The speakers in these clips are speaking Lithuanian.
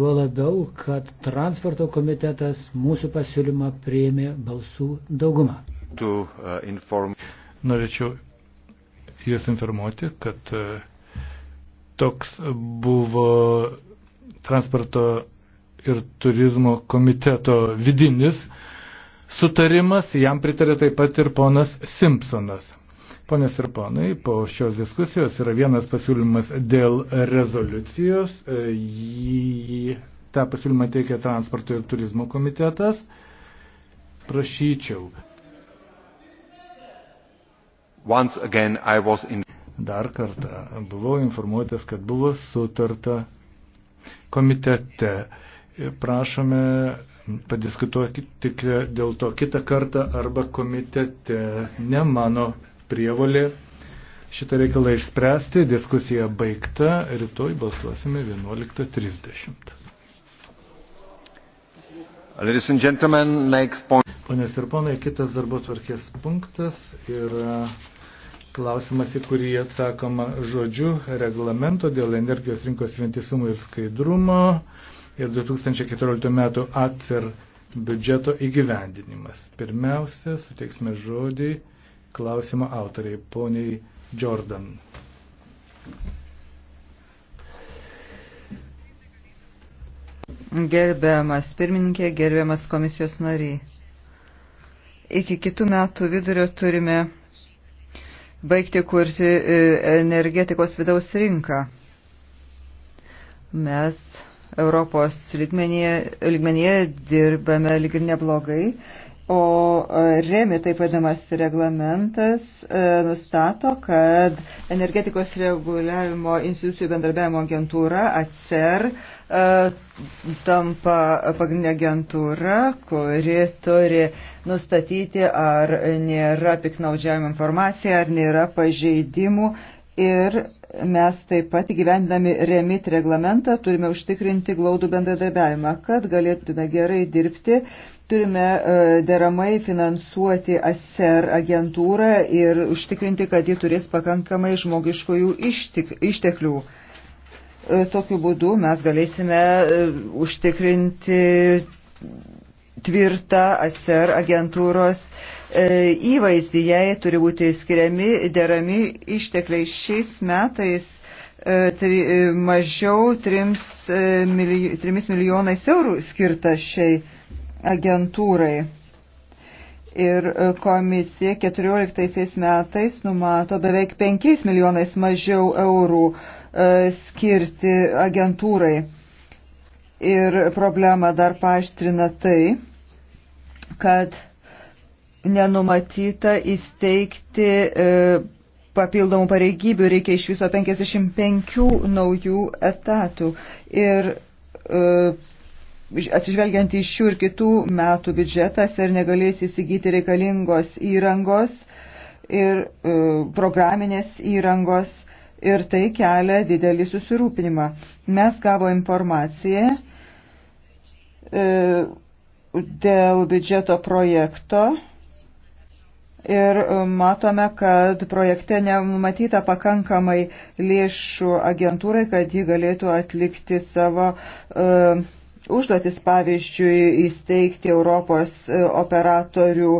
Tuo labiau, kad transporto komitetas mūsų pasiūlymą prieimė balsų daugumą. To, uh, inform... Norėčiau Jūs informuoti, kad uh, toks buvo transporto ir turizmo komiteto vidinis sutarimas, jam pritarė taip pat ir ponas Simpsonas. Ponės ir ponai, po šios diskusijos yra vienas pasiūlymas dėl rezoliucijos. E, jį tą pasiūlymą teikia transporto ir turizmo komitetas. Prašyčiau. Again, in... Dar kartą buvau informuotas, kad buvo sutarta komitete. Prašome padiskutuoti tik dėl to kitą kartą arba komitete, ne mano prievolė šitą reikalą išspręsti. Diskusija baigta. Rytoj balsuosime 11.30. Ladies and gentlemen, next point. Ponės ir ponai, kitas darbo tvarkės punktas yra klausimas, į kurį atsakoma žodžiu reglamento dėl energijos rinkos vientisumo ir skaidrumo ir 2014 metų ACER biudžeto įgyvendinimas. Pirmiausia, suteiksime žodį klausimo autoriai, poniai Jordan. Gerbiamas pirmininkė, gerbiamas komisijos nariai. Iki kitų metų vidurio turime baigti kurti e, energetikos vidaus rinką. Mes Europos lygmenyje, lygmenyje dirbame lyg ir neblogai O REMI, taip vadinamas reglamentas, e, nustato, kad energetikos reguliavimo institucijų bendarbiavimo agentūra ACER e, tampa pagrindinė agentūra, kuri turi nustatyti, ar nėra piknaudžiavimo informacija, ar nėra pažeidimų. Ir mes taip pat įgyvendami remit reglamentą turime užtikrinti glaudų bendradarbiavimą, kad galėtume gerai dirbti Turime e, deramai finansuoti ASER agentūrą ir užtikrinti, kad ji turės pakankamai žmogiškojų ištik, išteklių. E, tokiu būdu mes galėsime e, užtikrinti tvirtą ASER agentūros įvaizdį. Jai turi būti skiriami derami ištekliai šiais metais tri, mažiau 3 milijonais eurų skirta šiai agentūrai. Ir e, komisija 14 metais numato beveik 5 milijonais mažiau eurų e, skirti agentūrai. Ir problemą dar paaštrina tai, kad nenumatyta įsteigti e, papildomų pareigybių, reikia iš viso 55 naujų etatų. Ir atsižvelgiant į šių ir kitų metų biudžetas ir negalės įsigyti reikalingos įrangos ir e, programinės įrangos ir tai kelia didelį susirūpinimą. Mes gavo informaciją e, dėl biudžeto projekto ir e, matome, kad projekte nematyta pakankamai lėšų agentūrai, kad ji galėtų atlikti savo e, užduotis, pavyzdžiui, įsteigti Europos e, operatorių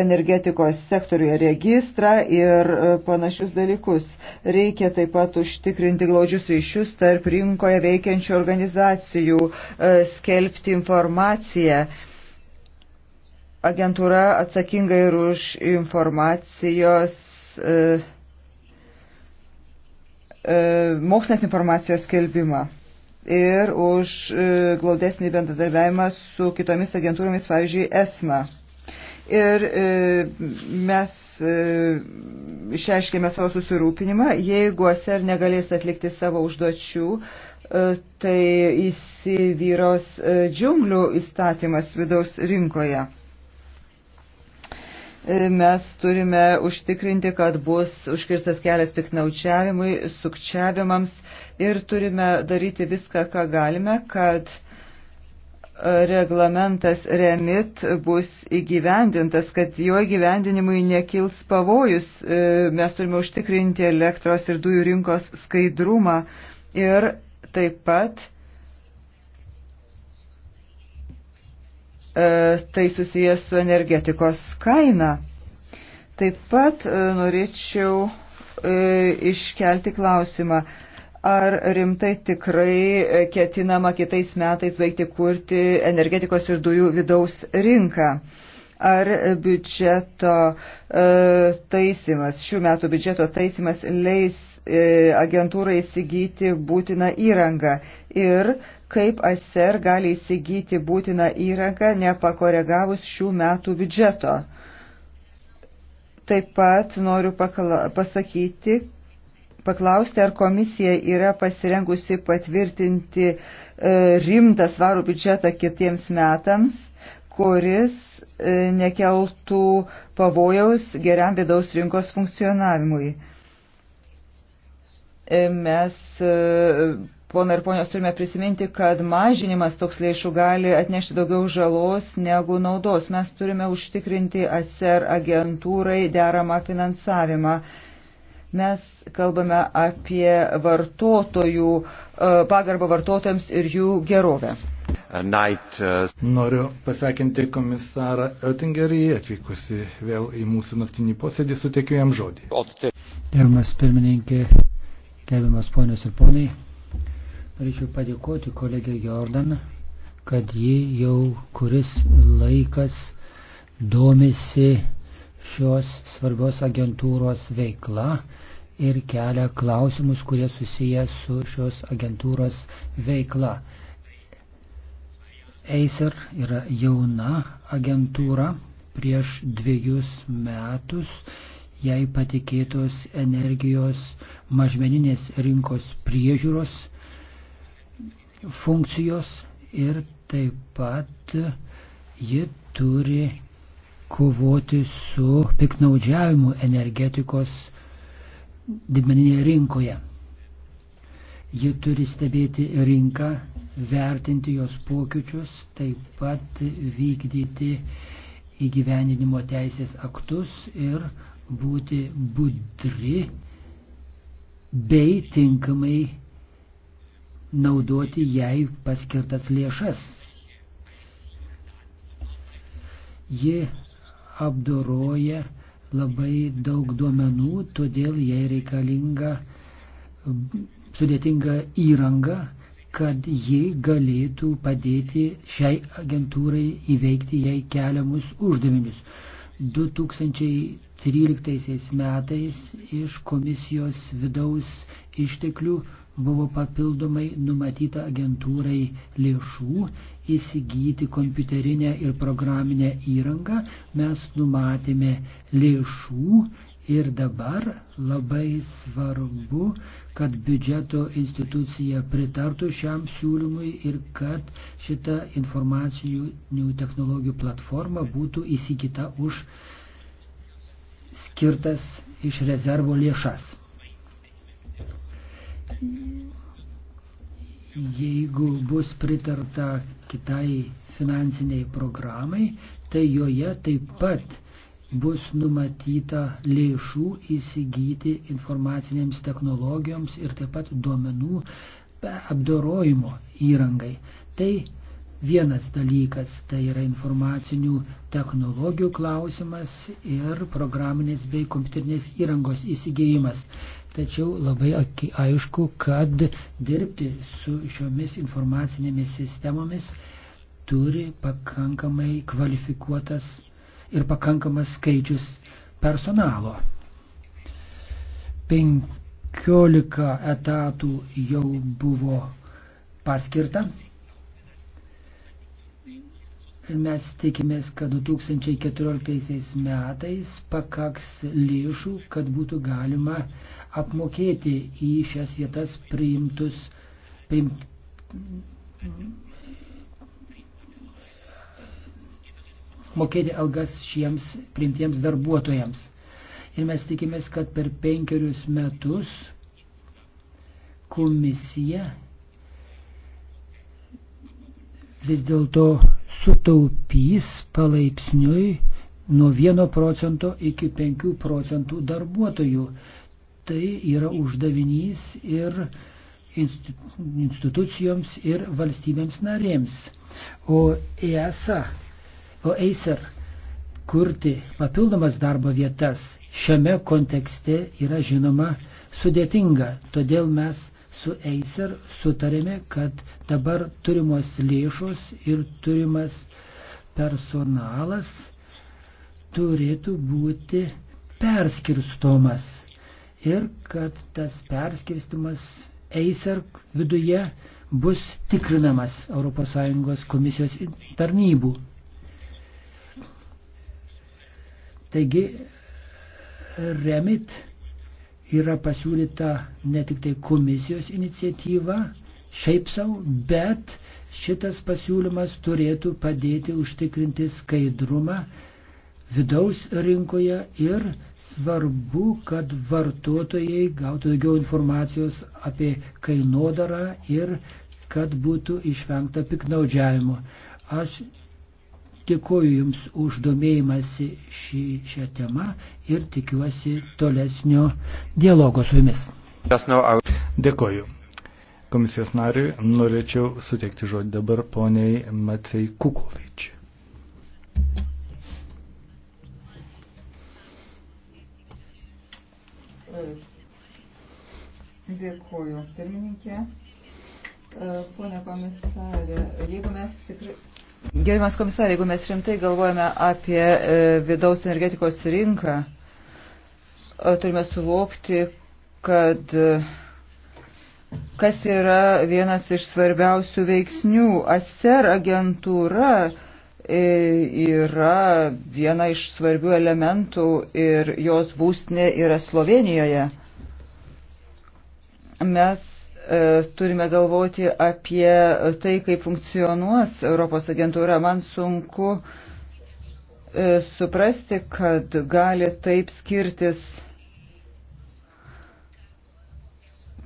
energetikos sektoriuje registrą ir e, panašius dalykus. Reikia taip pat užtikrinti glaudžius ryšius tarp rinkoje veikiančių organizacijų, e, skelbti informaciją. Agentūra atsakinga ir už informacijos mokslinės informacijos skelbimą ir už e, glaudesnį bendradarbiavimą su kitomis agentūromis, pavyzdžiui, ESMA. Ir e, mes e, išreiškėme savo susirūpinimą, jeigu ASER negalės atlikti savo užduočių, tai įsivyros džiunglių įstatymas vidaus rinkoje mes turime užtikrinti, kad bus užkirstas kelias piknaučiavimui, sukčiavimams ir turime daryti viską, ką galime, kad e, reglamentas remit bus įgyvendintas, kad jo įgyvendinimui nekils pavojus. E, mes turime užtikrinti elektros ir dujų rinkos skaidrumą ir taip pat E, tai susijęs su energetikos kaina. Taip pat e, norėčiau e, iškelti klausimą, ar rimtai tikrai ketinama kitais metais baigti kurti energetikos ir dujų vidaus rinką ar biudžeto taisimas, šių metų biudžeto taisimas leis agentūrai įsigyti būtiną įrangą ir kaip ASER gali įsigyti būtiną įrangą nepakoregavus šių metų biudžeto. Taip pat noriu pakla, pasakyti, paklausti, ar komisija yra pasirengusi patvirtinti e, rimtą svarų biudžetą kitiems metams, kuris e, nekeltų pavojaus geriam vidaus rinkos funkcionavimui. E, mes Pona ir ponios, turime prisiminti, kad mažinimas toks lėšų gali atnešti daugiau žalos negu naudos. Mes turime užtikrinti ACER agentūrai deramą finansavimą. Mes kalbame apie vartotojų, e, pagarbą vartotojams ir jų gerovę. Night, uh... Noriu pasakinti komisarą Oettingerį, atvykusi vėl į mūsų naktinį posėdį, suteikiu jam žodį. Gerbiamas pirmininkė, gerbiamas ponios ir ponai. Norėčiau padėkoti kolegė Jordan, kad ji jau kuris laikas domisi šios svarbios agentūros veikla ir kelia klausimus, kurie susiję su šios agentūros veikla. Acer yra jauna agentūra, prieš dviejus metus jai patikėtos energijos mažmeninės rinkos priežiūros funkcijos ir taip pat ji turi kovoti su piknaudžiavimu energetikos didmeninėje rinkoje. Ji turi stebėti rinką, vertinti jos pokyčius, taip pat vykdyti įgyvendinimo teisės aktus ir būti budri bei tinkamai naudoti jai paskirtas lėšas. Ji apdoroja labai daug duomenų, todėl jai reikalinga sudėtinga įranga, kad ji galėtų padėti šiai agentūrai įveikti jai keliamus uždavinius. 2013 metais iš komisijos vidaus išteklių buvo papildomai numatyta agentūrai lėšų įsigyti kompiuterinę ir programinę įrangą. Mes numatėme lėšų Ir dabar labai svarbu, kad biudžeto institucija pritartų šiam siūlymui ir kad šita informacijų technologijų platforma būtų įsigyta už skirtas iš rezervo lėšas. Jeigu bus pritarta kitai finansiniai programai, tai joje taip pat bus numatyta lėšų įsigyti informacinėms technologijoms ir taip pat duomenų apdorojimo įrangai. Tai vienas dalykas, tai yra informacinių technologijų klausimas ir programinės bei kompiuterinės įrangos įsigėjimas. Tačiau labai aišku, kad dirbti su šiomis informacinėmis sistemomis turi pakankamai kvalifikuotas ir pakankamas skaičius personalo. 15 etatų jau buvo paskirta. Ir mes tikimės, kad 2014 metais pakaks lėšų, kad būtų galima apmokėti į šias vietas priimtus priimt, mokėti algas šiems priimtiems darbuotojams. Ir mes tikimės, kad per penkerius metus komisija vis dėlto sutaupys palaipsniui nuo 1 procento iki 5 procentų darbuotojų. Tai yra uždavinys ir institucijoms ir valstybėms narėms. O ESA o Acer kurti papildomas darbo vietas šiame kontekste yra žinoma sudėtinga. Todėl mes su Acer sutarėme, kad dabar turimos lėšos ir turimas personalas turėtų būti perskirstomas ir kad tas perskirstimas Acer viduje bus tikrinamas ES komisijos tarnybų. Taigi, remit yra pasiūlyta ne tik tai komisijos iniciatyva, šiaip savo, bet šitas pasiūlymas turėtų padėti užtikrinti skaidrumą vidaus rinkoje ir svarbu, kad vartotojai gautų daugiau informacijos apie kainodarą ir kad būtų išvengta piknaudžiavimo. Aš Dėkuoju Jums už domėjimąsi šį, šią temą ir tikiuosi tolesnio dialogo su Jumis. Dėkuoju. Komisijos nariui norėčiau suteikti žodį dabar poniai Macei Kukovičiui. Dėkuoju, pirmininkė. Pone komisarė, jeigu mes tikrai Gerimas komisarė, jeigu mes rimtai galvojame apie e, vidaus energetikos rinką, e, turime suvokti, kad e, kas yra vienas iš svarbiausių veiksnių. ASER agentūra yra viena iš svarbių elementų ir jos būstinė yra Slovenijoje. Mes E, turime galvoti apie tai, kaip funkcionuos Europos agentūra. Man sunku e, suprasti, kad gali taip skirtis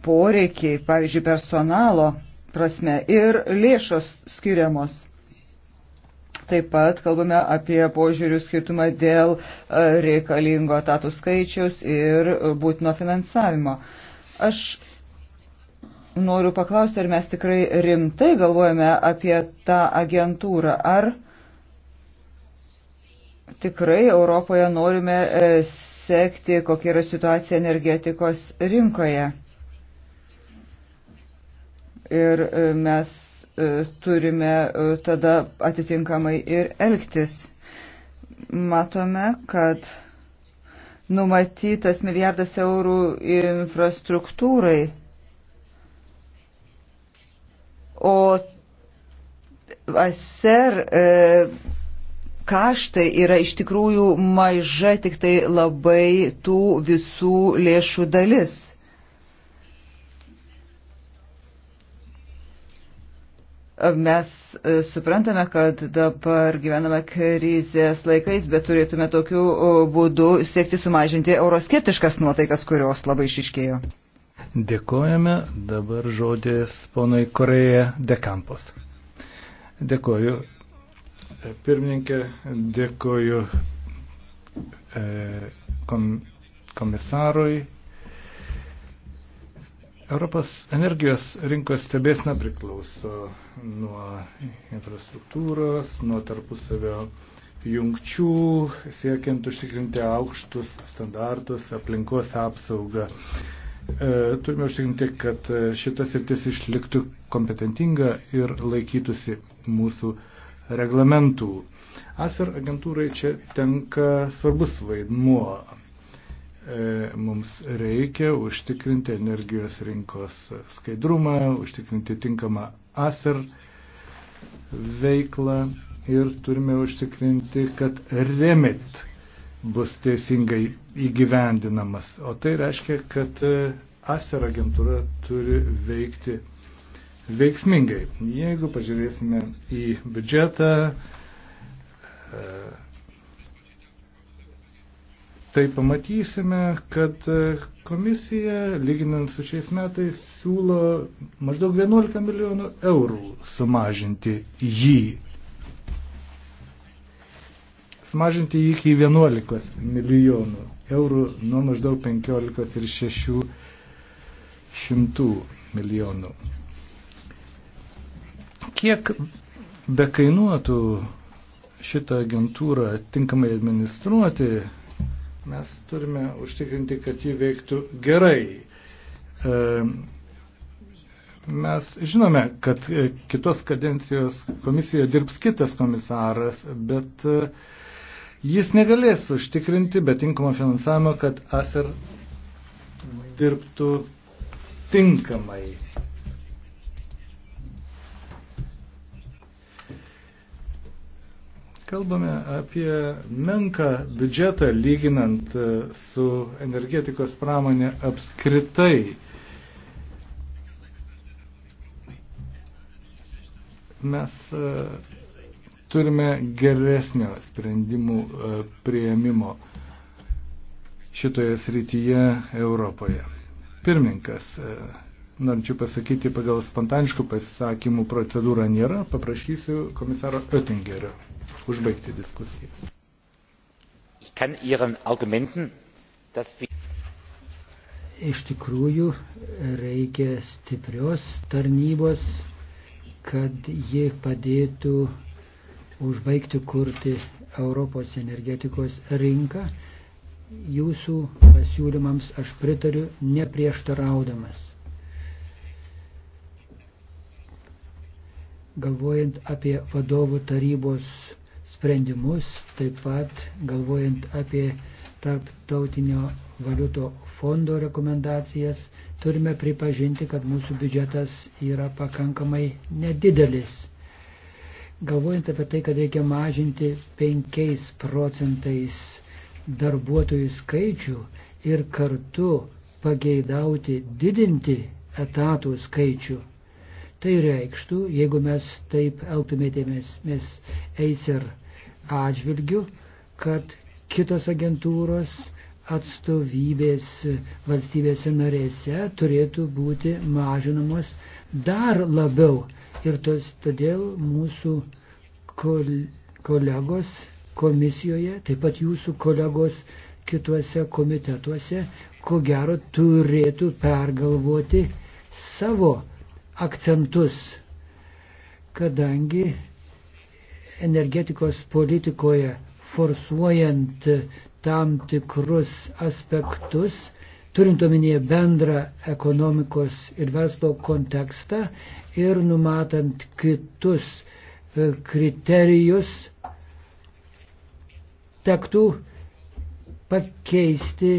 poreikiai, pavyzdžiui, personalo prasme ir lėšos skiriamos. Taip pat kalbame apie požiūrių skirtumą dėl e, reikalingo etatų skaičiaus ir būtino finansavimo. Aš Noriu paklausti, ar mes tikrai rimtai galvojame apie tą agentūrą, ar tikrai Europoje norime e, sekti, kokia yra situacija energetikos rinkoje. Ir e, mes e, turime tada atitinkamai ir elgtis. Matome, kad numatytas milijardas eurų infrastruktūrai O ASER e, kaštai yra iš tikrųjų maža tik tai labai tų visų lėšų dalis. Mes e, suprantame, kad dabar gyvename krizės laikais, bet turėtume tokiu būdu siekti sumažinti euroskeptiškas nuotaikas, kurios labai išiškėjo. Dėkojame. Dabar žodis ponui Koreje Dekampos. Dėkoju. E, pirmininkė, dėkoju e, komisarui. Europos energijos rinkos stebėsna priklauso nuo infrastruktūros, nuo tarpusavio jungčių, siekiant užtikrinti aukštus standartus, aplinkos apsaugą. E, turime užtikrinti, kad šitas sritis išliktų kompetentinga ir laikytųsi mūsų reglamentų. ASER agentūrai čia tenka svarbus vaidmuo. E, mums reikia užtikrinti energijos rinkos skaidrumą, užtikrinti tinkamą ASER veiklą ir turime užtikrinti, kad REMIT bus teisingai įgyvendinamas. O tai reiškia, kad e, ASER agentūra turi veikti veiksmingai. Jeigu pažiūrėsime į biudžetą, e, tai pamatysime, kad e, komisija, lyginant su šiais metais, siūlo maždaug 11 milijonų eurų sumažinti jį sumažinti iki 11 milijonų eurų nuo maždaug 15 ir 600 milijonų. Kiek be kainuotų šitą agentūrą tinkamai administruoti, mes turime užtikrinti, kad ji veiktų gerai. E, mes žinome, kad e, kitos kadencijos komisijoje dirbs kitas komisaras, bet e, Jis negalės užtikrinti be tinkamo finansavimo, kad ASER dirbtų tinkamai. Kalbame apie menką biudžetą lyginant e, su energetikos pramonė apskritai. Mes e, turime geresnio sprendimų e, prieimimo šitoje srityje Europoje. Pirmininkas, e, norinčių pasakyti, pagal spontaniškų pasisakymų procedūrą nėra, paprašysiu komisaro Oettingerio užbaigti diskusiją. Iš tikrųjų reikia stiprios tarnybos, kad ji padėtų užbaigti kurti Europos energetikos rinką. Jūsų pasiūlymams aš pritariu neprieštaraudamas. Galvojant apie vadovų tarybos sprendimus, taip pat galvojant apie tarptautinio valiuto fondo rekomendacijas, turime pripažinti, kad mūsų biudžetas yra pakankamai nedidelis. Galvojant apie tai, kad reikia mažinti 5 procentais darbuotojų skaičių ir kartu pageidauti didinti etatų skaičių, tai reikštų, jeigu mes taip elgtumėtėmės mes Eiser atžvilgių, kad kitos agentūros atstovybės valstybėse narėse turėtų būti mažinamos dar labiau skirtos, todėl mūsų kol, kolegos komisijoje, taip pat jūsų kolegos kituose komitetuose, ko gero turėtų pergalvoti savo akcentus, kadangi energetikos politikoje forsuojant tam tikrus aspektus, turint omenyje bendrą ekonomikos ir verslo kontekstą ir numatant kitus e, kriterijus, tektų pakeisti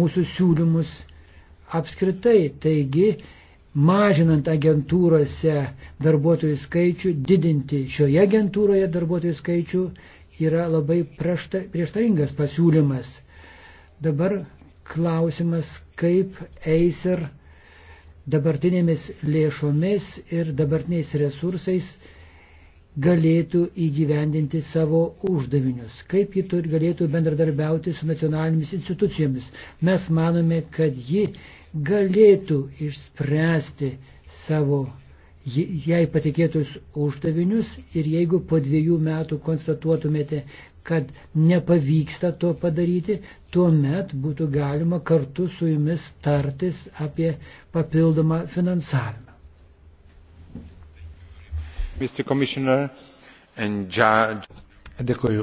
mūsų siūlymus apskritai. Taigi, mažinant agentūrose darbuotojų skaičių, didinti šioje agentūroje darbuotojų skaičių yra labai prieštaringas pasiūlymas. Dabar klausimas, kaip Eiser dabartinėmis lėšomis ir dabartiniais resursais galėtų įgyvendinti savo uždavinius, kaip ji turi, galėtų bendradarbiauti su nacionalinėmis institucijomis. Mes manome, kad ji galėtų išspręsti savo jai patikėtus uždavinius ir jeigu po dviejų metų konstatuotumėte, kad nepavyksta to padaryti, tuomet būtų galima kartu su jumis tartis apie papildomą finansavimą. Dėkoju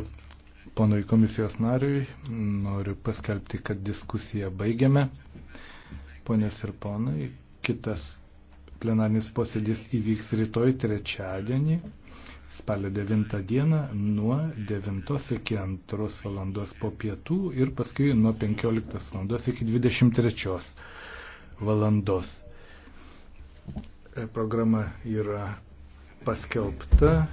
ponui komisijos nariui. Noriu paskelbti, kad diskusiją baigiame. Ponės ir ponai, kitas plenarnis posėdis įvyks rytoj trečiadienį spalio 9 dieną nuo 9 iki 2 valandos po pietų ir paskui nuo 15 valandos iki 23 valandos. E, programa yra paskelbta.